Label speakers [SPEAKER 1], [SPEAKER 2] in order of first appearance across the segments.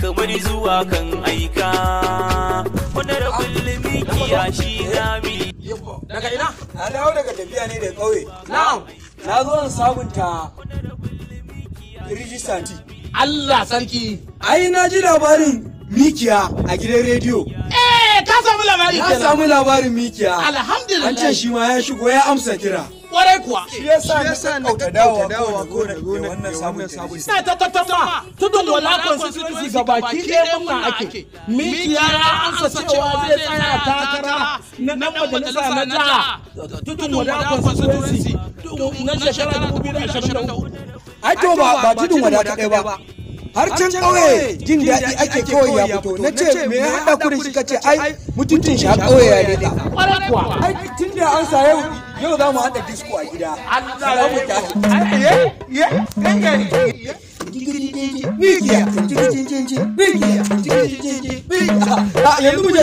[SPEAKER 1] kamar zuwa kan aika wanda da kullum kiya shi gami daga ina na dawo daga tafiya ne da kauye na'am na zo in sabunta rijistanti Allah sarki ai na ji labarin mikiya a gidan rediyo eh ka samu labarin ka samu labarin mikiya alhamdulillah an ce shi ma ya shigo ya amsa kira kwarai kuwa shi yasa na da dawowa ko da wannan sabon sabon sai ta tattama tudun wala constituency ga baki ɗaya murna ake miki ya ansa cewa zai tsaya takara na dan majalisa na jiha tudun wala constituency na shekara 2023
[SPEAKER 2] ai to ba tudun wala ta kai ba
[SPEAKER 1] har can kauye jin daɗi ake kawai ya fito na ce me ya haɗa ku da shi kace ai mutuncin shi har kauye ya daɗa ai tun da an sa yau yau za mu haɗa disko a gida Allah ya ya ah, eh, eh, ta yanzu a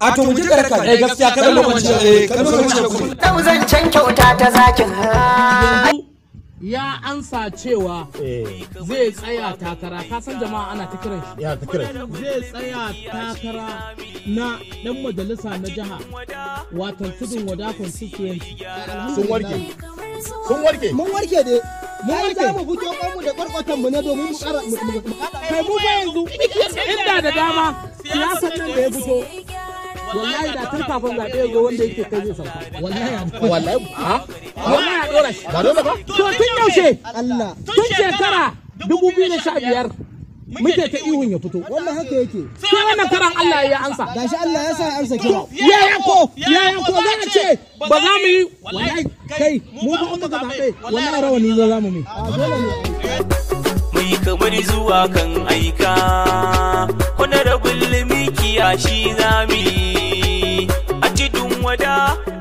[SPEAKER 1] a to zan can kyauta ta zakin ya ansa cewa eh. zai tsaya takara kasan jama'a ana ta kiran shi ya ta zai tsaya takara na dan majalisa na jiha watan tudun wada suke sun warke sun warke mun warke dai mun warke mu fito mu da kwarkwatan mu na domin mu kara mu kai mu ba yanzu inda da dama siyasar nan da ya fito wallahi da tun kafin zaɓe ya zo wanda yake kai zai sauka wallahi wallahi ha dora shi to tun yaushe Allah tun shekara muke ta ihun ya fito wannan haka yake sai wannan karan Allah ya ansa gashi Allah ya sa ya ansa kira ya yanko ya za a ce ba za mu yi wallahi kai mu ba mu ga zabe wannan rawani za za mu mi mai kamar zuwa kan aika kuna da gulmi kiyashi zami a cikin wada